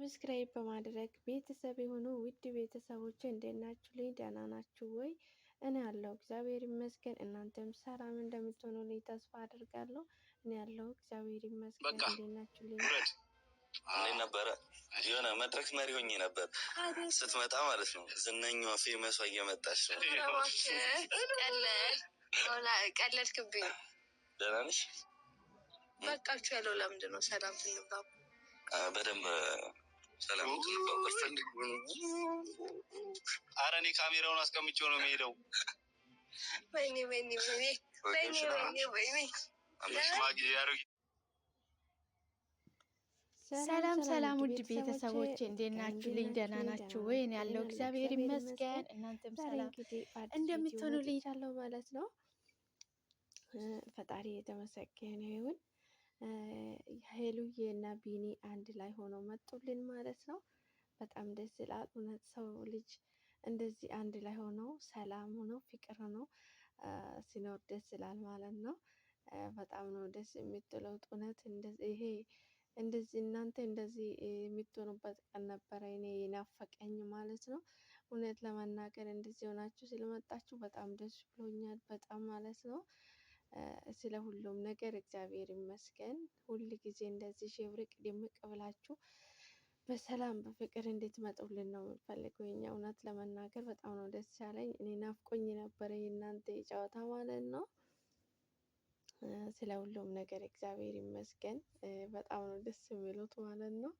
ሰብስክራይብ በማድረግ ቤተሰብ የሆኑ ውድ ቤተሰቦች እንዴት ናችሁ? ልኝ ደህና ናችሁ ወይ? እኔ ያለው እግዚአብሔር ይመስገን። እናንተም ሰላም እንደምትሆኑ ልኝ ተስፋ አድርጋለሁ። እኔ ያለው እግዚአብሔር ይመስገን። እንዴት ናችሁ? ልኝ እንዴት ነበረ? የሆነ መድረክ መሪ ሆኜ ነበር ስትመጣ ማለት ነው። ዝነኛዋ ፌመሷ እየመጣች ነው። ቀለድክብኝ። ደህና ነሽ? በቃችሁ ያለው ለምንድን ነው? ሰላም ትንባቡ በደንብ ኧረ እኔ ካሜራውን አስቀምጬው ነው የምሄደው። ሰላም ሰላም፣ ውድ ቤተሰቦች እንዴት ልኝ ደህና ናችሁ ወይን? ያለው እግዚአብሔር ይመስገን፣ እናንተም ሰላም እንደምትሆኑልኝ እላለሁ ማለት ነው። ፈጣሪ የተመሰገነ ይሁን። ሄሉዬ እና ቢኒ አንድ ላይ ሆኖ መጡልን ማለት ነው። በጣም ደስ ይላል። እውነት ሰው ልጅ እንደዚህ አንድ ላይ ሆኖ ሰላም ሆኖ ፍቅር ሆኖ ሲኖር ደስ ይላል ማለት ነው። በጣም ነው ደስ የምትለው እውነት። ይሄ እንደዚህ እናንተ እንደዚህ የምትሆኑበት ቀን ነበረ እኔ የናፈቀኝ ማለት ነው። እውነት ለመናገር እንደዚህ ሆናችሁ ስለመጣችሁ በጣም ደስ ብሎኛል። በጣም ማለት ነው። ስለ ሁሉም ነገር እግዚአብሔር ይመስገን። ሁል ጊዜ እንደዚህ ሽብርቅ ድምቅ ብላችሁ በሰላም በፍቅር እንድትመጡልን ነው የምንፈልገው። እኛ እውነት ለመናገር በጣም ነው ደስ ያለኝ። እኔ ናፍቆኝ ነበረ የእናንተ የጨዋታ ማለት ነው። ስለ ሁሉም ነገር እግዚአብሔር ይመስገን። በጣም ነው ደስ የሚሉት ማለት ነው።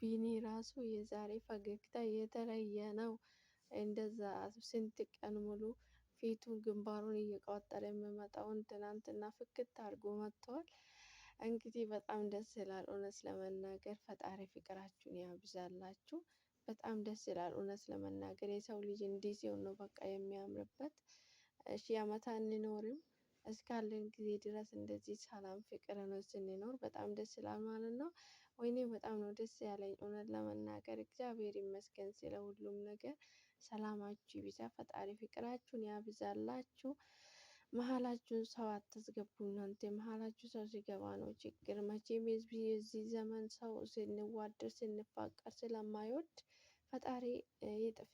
ቢኒ ራሱ የዛሬ ፈገግታ የተለየ ነው። እንደዛ ስንት ቀን ሙሉ ፊቱን ግንባሩን እየቋጠረ የሚመጣውን ትናንትና ፍክት አድርጎ መጥተዋል። እንግዲህ በጣም ደስ ይላል። እውነት ለመናገር ፈጣሪ ፍቅራችሁን ያብዛላችሁ። በጣም ደስ ይላል። እውነት ለመናገር የሰው ልጅ እንዲህ ሲሆን ነው በቃ የሚያምርበት። ሺህ ዓመት አንኖርም እስካለን ጊዜ ድረስ እንደዚህ ሰላም ፍቅር ነው ስንኖር በጣም ደስ ይላል ማለት ነው። ወይኔ በጣም ነው ደስ ያለኝ እውነት ለመናገር እግዚአብሔር ይመስገን ስለ ሁሉም ነገር። ሰላማችሁ ይብዛ። ፈጣሪ ፍቅራችሁን ያብዛላችሁ። መሀላችሁን ሰው አታስገቡ። እናንተ መሀላችሁ ሰው ሲገባ ነው ችግር። መቼም የዚህ ዘመን ሰው ስንዋደድ ስንፋቀር ስለማይወድ ፈጣሪ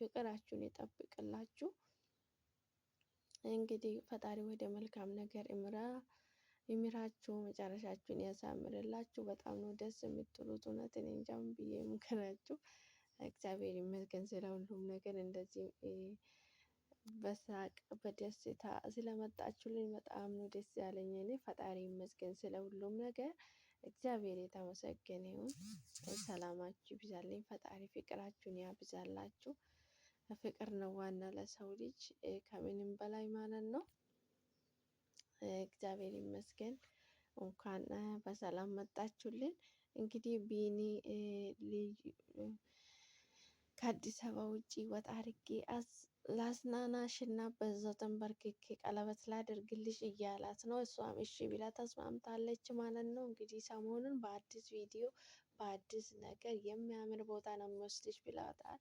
ፍቅራችሁን ይጠብቅላችሁ። እንግዲህ ፈጣሪ ወደ መልካም ነገር ይምራ ይምራችሁ፣ መጨረሻችሁን ያሳምርላችሁ። በጣም ነው ደስ የምትሉት። እውነትን እንጃም ብዬ ምክራችሁ እግዚአብሔር ይመስገን ስለ ሁሉም ነገር እንደዚህ በሳቅ በደስታ ስለመጣችሁልኝ በጣም ነው ደስ ያለኝ። እኔ ፈጣሪ ይመስገን ስለ ሁሉም ነገር እግዚአብሔር የተመሰገነ ይሁን። ሰላማችሁ ይብዛልኝ። ፈጣሪ ፍቅራችሁን ያብዛላችሁ። ፍቅር ነው ዋና ለሰው ልጅ ከምንም በላይ ማለት ነው። እግዚአብሔር ይመስገን። እንኳን በሰላም መጣችሁልን። እንግዲህ ቢኒ ከአዲስ አበባ ውጪ ወጣ አድርጌ ላዝናናሽና በዛው ተንበርክኬ ቀለበት ላድርግልሽ እያላት ነው። እሷም እሺ ብላ ተስማምታለች ማለት ነው። እንግዲህ ሰሞኑን በአዲስ ቪዲዮ በአዲስ ነገር የሚያምር ቦታ ነው የሚወስድሽ ብላታል።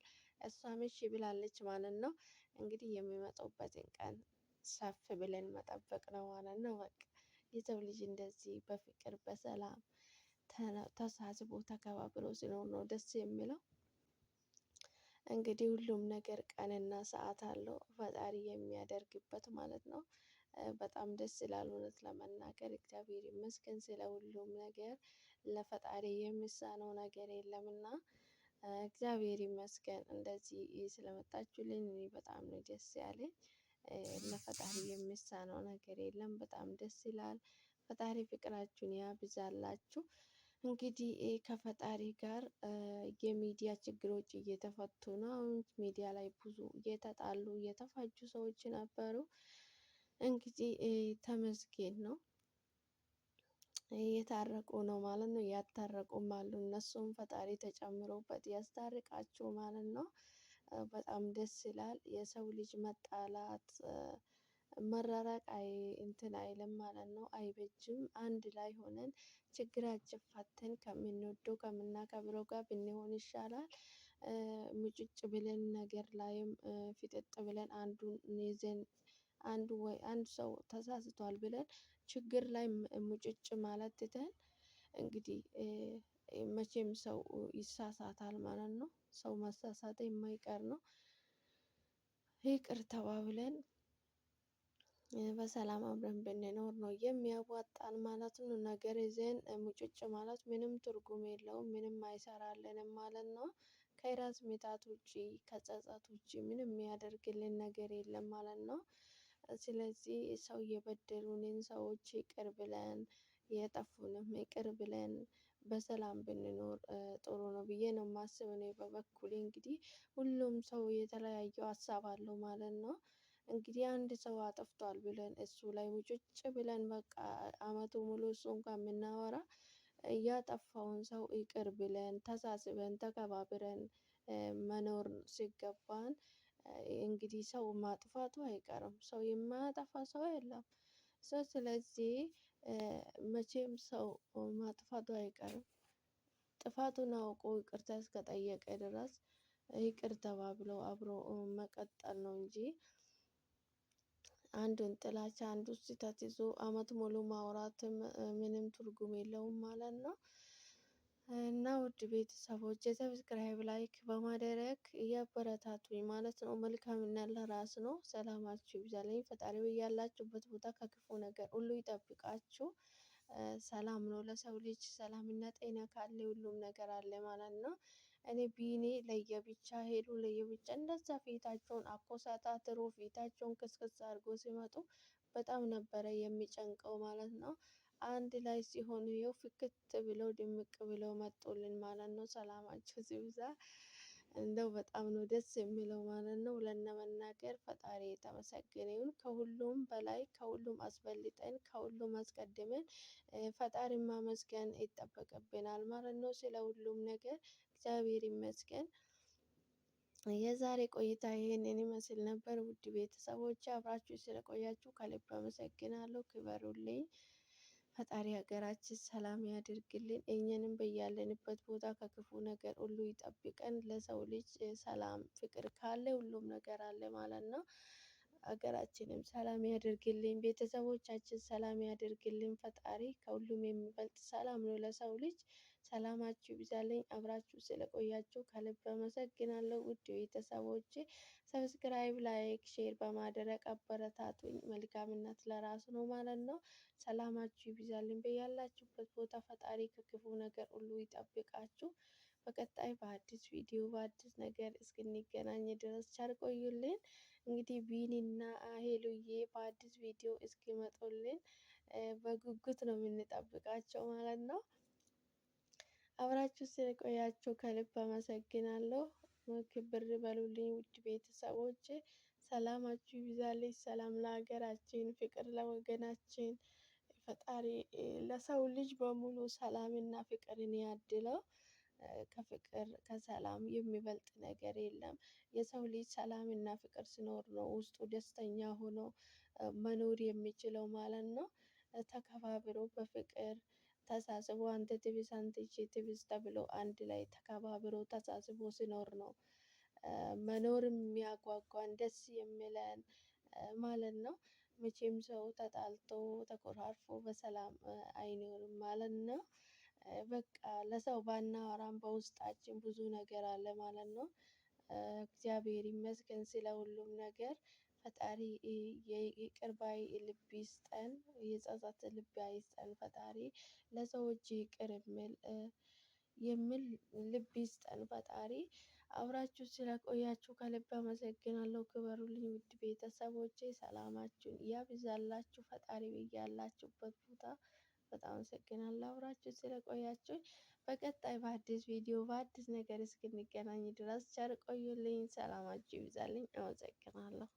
እሷም እሺ ብላለች ማለት ነው። እንግዲህ የሚመጡበትን ቀን ሰፍ ብለን መጠበቅ ነው ማለት ነው። በቃ የሰው ልጅ እንደዚህ በፍቅር በሰላም ተሳስቦ ተከባብሮ ሲኖር ነው ደስ የሚለው። እንግዲህ ሁሉም ነገር ቀንና ሰዓት አለው ፈጣሪ የሚያደርግበት ማለት ነው። በጣም ደስ ይላል እውነት ለመናገር እግዚአብሔር ይመስገን ስለ ሁሉም ነገር ለፈጣሪ የሚሳነው ነገር የለምና እግዚአብሔር ይመስገን እንደዚህ ስለመጣችሁልኝ እኔ በጣም ነው ደስ ያለኝ። ለፈጣሪ የሚሳነው ነገር የለም በጣም ደስ ይላል። ፈጣሪ ፍቅራችሁን ያብዛላችሁ። እንግዲህ ከፈጣሪ ጋር የሚዲያ ችግሮች እየተፈቱ ነው። ሚዲያ ላይ ብዙ እየተጣሉ እየተፋጁ ሰዎች ነበሩ። እንግዲህ ተመስገን ነው የታረቁ ነው ማለት ነው። ያታረቁም አሉ። እነሱም ፈጣሪ ተጨምሮበት ያስታርቃቸው ማለት ነው። በጣም ደስ ይላል የሰው ልጅ መጣላት መራራቅ እንትን አይልም ማለት ነው፣ አይበጅም። አንድ ላይ ሆነን ችግራችን ፈተን ከምንወደው ከምናከብረው ጋር ብንሆን ይሻላል። ሙጭጭ ብለን ነገር ላይም ፍጥጥ ብለን አንዱን ይዘን አንዱ ወይ አንድ ሰው ተሳስቷል ብለን ችግር ላይ ሙጭጭ ማለት ትተን እንግዲህ መቼም ሰው ይሳሳታል ማለት ነው። ሰው መሳሳት የማይቀር ነው። ይቅር ተባብለን በሰላም አብረን ብንኖር ነው የሚያዋጣን ማለት ነው። ነገር ይዘን ሙጭጭ ማለት ምንም ትርጉም የለውም፣ ምንም አይሰራልንም ማለት ነው። ከራስ ምታት ውጪ ከጸጸት ውጪ ምንም የሚያደርግልን ነገር የለም ማለት ነው። ስለዚህ ሰው የበደሉንን ሰዎች ይቅር ብለን የጠፉንም ይቅር ብለን በሰላም ብንኖር ጥሩ ነው ብዬ ነው የማስበው። እኔ በበኩሌ እንግዲህ ሁሉም ሰው የተለያየ ሀሳብ አለው ማለት ነው። እንግዲህ አንድ ሰው አጠፍቷል ብለን እሱ ላይ ሙጭጭ ብለን በቃ አመቱ ሙሉ እሱ እንኳን የምናወራ ያጠፋውን ሰው ይቅር ብለን ተሳስበን ተከባብረን መኖር ሲገባን እንግዲህ ሰው ማጥፋቱ አይቀርም። ሰው የማያጠፋ ሰው የለም። ሰው ስለዚህ መቼም ሰው ማጥፋቱ አይቀርም። ጥፋቱን አውቆ ይቅርታ እስከጠየቀ ድረስ ይቅር ተባብሎ አብሮ መቀጠል ነው እንጂ አንዱን ጥላቻ አንዱ ስህተት ይዞ አመት ሙሉ ማውራት ምንም ትርጉም የለውም ማለት ነው። እና ውድ ቤተሰቦች የሰብስክራይብ ላይክ በማድረግ እያበረታቱኝ ማለት ነው። መልካምና ለራስ ነው። ሰላማችሁ ይብዛልኝ። ፈጣሪ ያላችሁበት ቦታ ከክፉ ነገር ሁሉ ይጠብቃችሁ። ሰላም ነው ለሰው ልጅ ሰላምና ጤና ካለ ሁሉም ነገር አለ ማለት ነው። እኔ ቢኒ ለየብቻ ሄዱ ለየብቻ እንደዛ ፊታቸውን አኮሳታትሮ ፊታቸውን ክስክስ አድርጎ ሲመጡ በጣም ነበረ የሚጨንቀው ማለት ነው። አንድ ላይ ሲሆኑ ይኸው ፍክት ብለው ድምቅ ብለው መጡልን ማለት ነው። ሰላማችሁ ይብዛ። እንደው በጣም ነው ደስ የሚለው ማለት ነው። ለነመናገር ፈጣሪ የተመሰገነ ይሁን። ከሁሉም በላይ ከሁሉም አስበልጠን ከሁሉም አስቀድመን ፈጣሪ ማመስገን ይጠበቅብናል ማለት ነው። ስለ ሁሉም ነገር እግዚአብሔር ይመስገን። የዛሬ ቆይታ ይህንን ይመስል ነበር። ውድ ቤተሰቦች አብራችሁ ስለቆያችሁ ከልብ አመሰግናለሁ። ክበሩልኝ። ፈጣሪ ሀገራችን ሰላም ያድርግልን። እኛንም በያለንበት ቦታ ከክፉ ነገር ሁሉ ይጠብቀን። ለሰው ልጅ ሰላም ፍቅር ካለ ሁሉም ነገር አለ ማለት ነው። ሀገራችንም ሰላም ያድርግልን። ቤተሰቦቻችን ሰላም ያድርግልን። ፈጣሪ ከሁሉም የሚበልጥ ሰላም ነው ለሰው ልጅ። ሰላማችሁ ይብዛልኝ። አብራችሁ ስለቆያችሁ ከልብ አመሰግናለሁ ውድ ቤተሰቦቼ። ሰብስክራይብ፣ ላይክ፣ ሼር በማድረግ አበረታቱኝ። መልካምነት ለራሱ ነው ማለት ነው። ሰላማችሁ ይብዛልኝ በያላችሁበት ቦታ ፈጣሪ ከክፉ ነገር ሁሉ ይጠብቃችሁ። በቀጣይ በአዲስ ቪዲዮ በአዲስ ነገር እስክንገናኝ ድረስ ቸር ቆዩልን። እንግዲህ ቢኒና ሄሉዬ በአዲስ ቪዲዮ እስኪመጡልን በጉጉት ነው የምንጠብቃቸው ማለት ነው። አብራችሁ ስለቆያችሁ ከልብ አመሰግናለሁ። ክብር በሉልኝ ውድ ቤተሰቦች፣ ሰላማችሁ ይብዛልኝ። ሰላም ለሀገራችን፣ ፍቅር ለወገናችን፣ ፈጣሪ ለሰው ልጅ በሙሉ ሰላምና ፍቅርን ያድለው። ከፍቅር ከሰላም የሚበልጥ ነገር የለም። የሰው ልጅ ሰላምና ፍቅር ሲኖር ነው ውስጡ ደስተኛ ሆኖ መኖር የሚችለው ማለት ነው። ተከባብሮ በፍቅር ተሳስቦ አንተ ትብስ አንተ ትብስ ተብሎ አንድ ላይ ተከባብሮ ተሳስቦ ሲኖር ነው መኖር የሚያጓጓን ደስ የሚለን ማለት ነው። መቼም ሰው ተጣልቶ ተኮራርፎ በሰላም አይኖርም ማለት ነው። በቃ ለሰው ባናወራም በውስጣችን ብዙ ነገር አለ ማለት ነው። እግዚአብሔር ይመስገን ስለ ሁሉም ነገር። ፈጣሪ የይቅር ባይ ልብ ይስጠን፣ የጸጸት ልብ አይስጠን። ፈጣሪ ለሰዎች ይቅር የሚል ልብ ይስጠን ፈጣሪ። አብራችሁ ስለቆያችሁ ከልብ አመሰግናለሁ። ክበሩልኝ ውድ ቤተሰቦቼ፣ ሰላማችሁን ያብዛላችሁ ፈጣሪ ብያላችሁበት ቦታ በጣም አመሰግናለሁ። አብራችሁ ስለቆያችሁ በቀጣይ በአዲስ ቪዲዮ በአዲስ ነገር እስክንገናኝ ድረስ ቸር ቆዩልኝ። ሰላማችሁ ይብዛልኝ። አመሰግናለሁ።